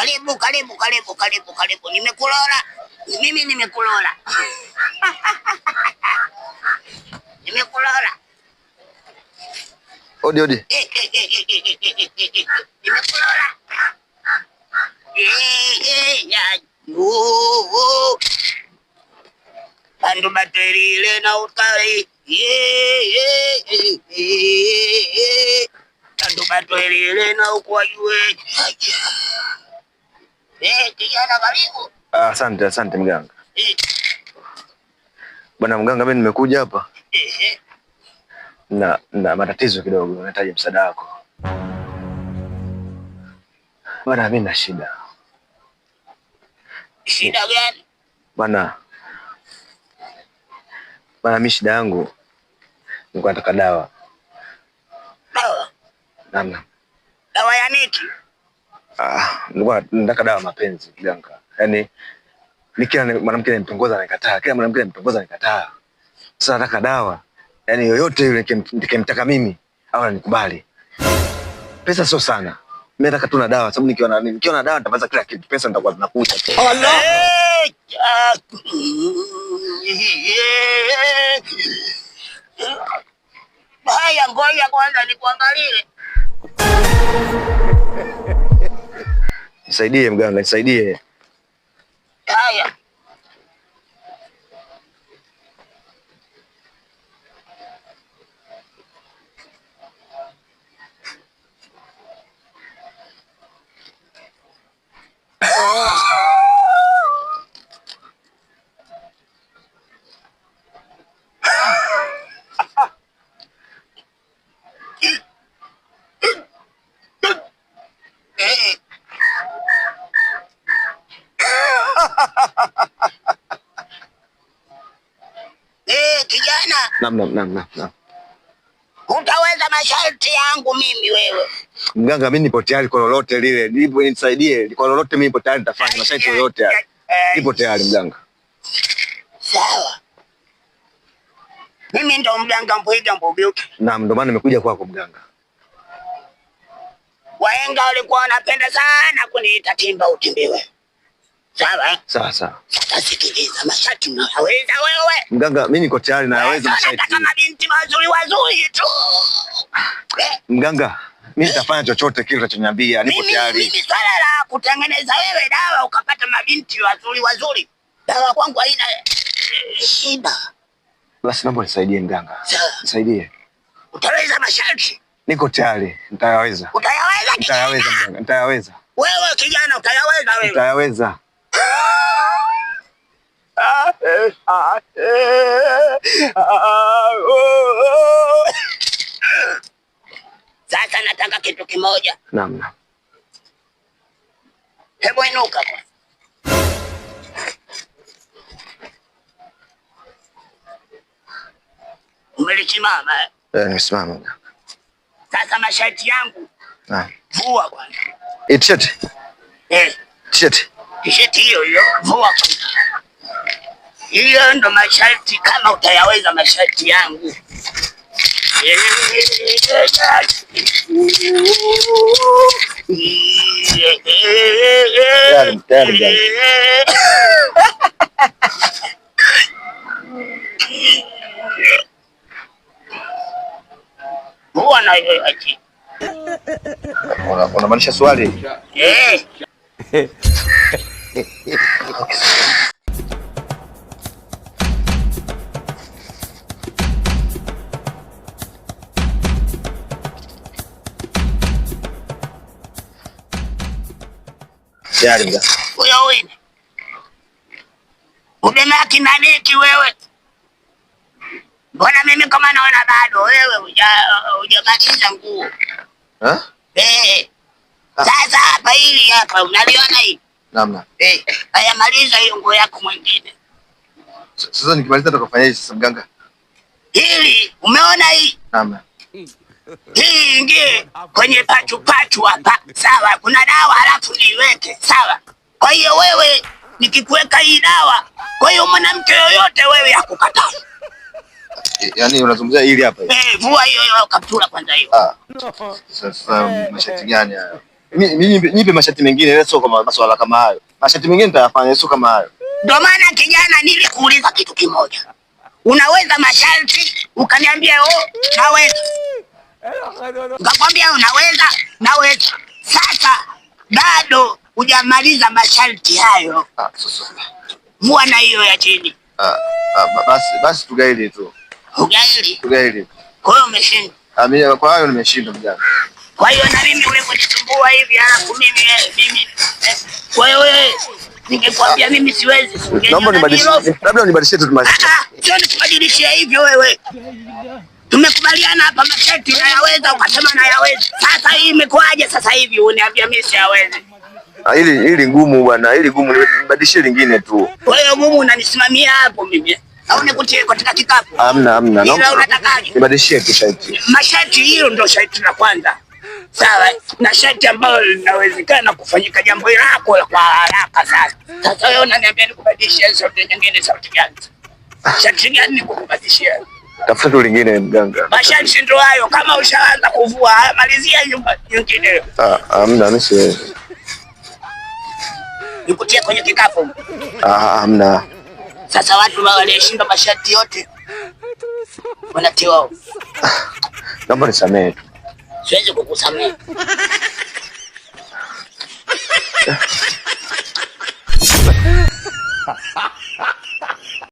karibu karibu karibu karibu karibu, nimekulora mimi, nimekulora nimekulora, odi odi, nimekulora bandu baterile na ukali bandu baterile na ukwajue Eh, ah, Asante, asante mganga. Eh. Bwana mganga, mimi nimekuja hapa eh, na na matatizo kidogo, nahitaji msaada wako. Bwana, mimi na shida. Shida gani? Bwana, bwana, mimi shida yangu nilikuwa nataka dawa. Dawa? Namna. Dawa ya nini? Ah, nilikuwa nataka dawa mapenzi Bianca. Yaani ni kila mwanamke ananitongoza nikataa, kila mwanamke ananitongoza nikataa. Sasa nataka dawa. Yaani yoyote yule nikimtaka mimi au anikubali. Pesa sio sana. Mimi nataka tu na dawa sababu nikiwa na nikiwa na dawa nitapata kila kitu. Pesa nitakuwa zinakuja. Allah. Haya, ngoja kwanza nikuangalie. Nisaidie mganga, nisaidie. Haya. Naam, naam, naam, naam. Utaweza masharti yangu mimi wewe. Mganga, mimi nipo tayari kwa lolote lile. Nipo nisaidie kwa lolote mimi nipo tayari nitafanya masharti yoyote yale. Eh, nipo tayari mganga. Sawa. Mimi ndo mganga Mbwiga Mbubyuki. Naam, ndo maana nimekuja kwako mganga. Wahenga walikuwa wanapenda sana kuniita Timba utimbiwe. Sawa sawa sawa. Sasa sikiliza, mashati unayaweza wewe? Mganga, mimi niko tayari na yaweza mashati. Kama binti wazuri wazuri tu. Ah, mganga, mimi nitafanya chochote kile unachoniambia, nipo tayari. Mimi swala la kutengeneza wewe dawa ukapata mabinti wazuri wazuri. Dawa kwangu haina eh, shida. Basi naomba nisaidie mganga. Nisaidie. Utaweza mashati? Niko tayari, nitayaweza. Utayaweza? Nitayaweza mganga, nitayaweza. Wewe kijana utayaweza wewe? Nitayaweza. Sasa nataka kitu kimoja. Namna. Hebu inuka kwa. Umelisimama eh? Eh, nimesimama. Sasa mashati yangu. Naam. Vua bwana. Eh, t-shirt. Eh. T-shirt. T-shirt hiyo hiyo. Vua. Hiyo ndo masharti, kama utayaweza masharti yangu. Unamaanisha swali? Eh. huyo umemaa wewe. Mbona mimi kama naona bado wewe hujamaliza nguo eh? Ah. Sasa hapa hili hapa unaliona hili namna eh? Haya, maliza hiyo nguo yako mwingine. Sasa nikimaliza nitakufanyia sasa mganga, hili umeona hii namna hmm hii ingie kwenye pachupachu hapa sawa? Kuna dawa halafu niiweke, sawa? Kwa hiyo wewe nikikuweka hii dawa, kwa hiyo mwanamke yoyote wewe akukataa eh, Yaani unazungumzia hili hapa Eh, vua hiyo hiyo kaptura kwanza hiyo. Ah. Sasa eh, mm, mashati eh. gani hayo? Mimi nipe mashati mengine leo sio kama masuala kama hayo. Mashati mengine nitayafanya sio kama hayo. Ndio maana kijana nilikuuliza kitu kimoja. Unaweza masharti ukaniambia oh, naweza. Nikakwambia unaweza, naweza. Sasa bado hujamaliza masharti hayo, muwa ah, na hiyo ya chini. Ah, ah, basi basi, tugaili tu, ugaili, tugaili. Kwa hiyo umeshinda. Ah, Mimi kwa hiyo nimeshinda mjana. Kwa hiyo na mimi ule ulivyonisumbua hivi, alafu mimi mimi, eh, Kwa hiyo wewe ningekwambia mimi siwezi. Naomba nibadilishie, labda unibadilishie tu, sio nikubadilishie hivyo wewe Tumekubaliana hapa maketi nayaweza, ukasema nayaweza. Sasa hii imekuaje sasa hivi uniambia mimi siwezi? Ah, hili hili ngumu bwana, hili ngumu, nibadilishie lingine tu. Kwa hiyo ngumu unanisimamia hapo mimi. Au nikutie katika kikapu? Hamna, hamna. Unatakaje Nibadilishie tu shati. Mashati hilo ndio shati la kwanza. Sawa, na shati ambayo linawezekana kufanyika jambo lako kwa haraka sasa. Sasa wewe unaniambia nikubadilishie shati nyingine, shati gani? Shati gani nikubadilishie? Tafuta tu lingine mganga. Masharti ndio hayo, kama ushaanza kuvua, malizia nyingine. Ah, hamna mimi Nikutie kwenye kikapu. Ah, ah hamna. Sasa watu walishinda masharti yote. Wanatiwa. Naomba nisamehe. Siwezi kukusamehe.